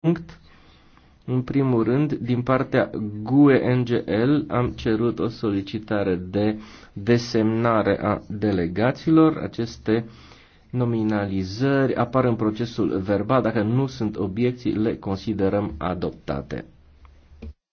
punct. În primul rând, din partea GUE NGL am cerut o solicitare de desemnare a delegaților. Aceste nominalizări apar în procesul verbal. Dacă nu sunt obiecții, le considerăm adoptate.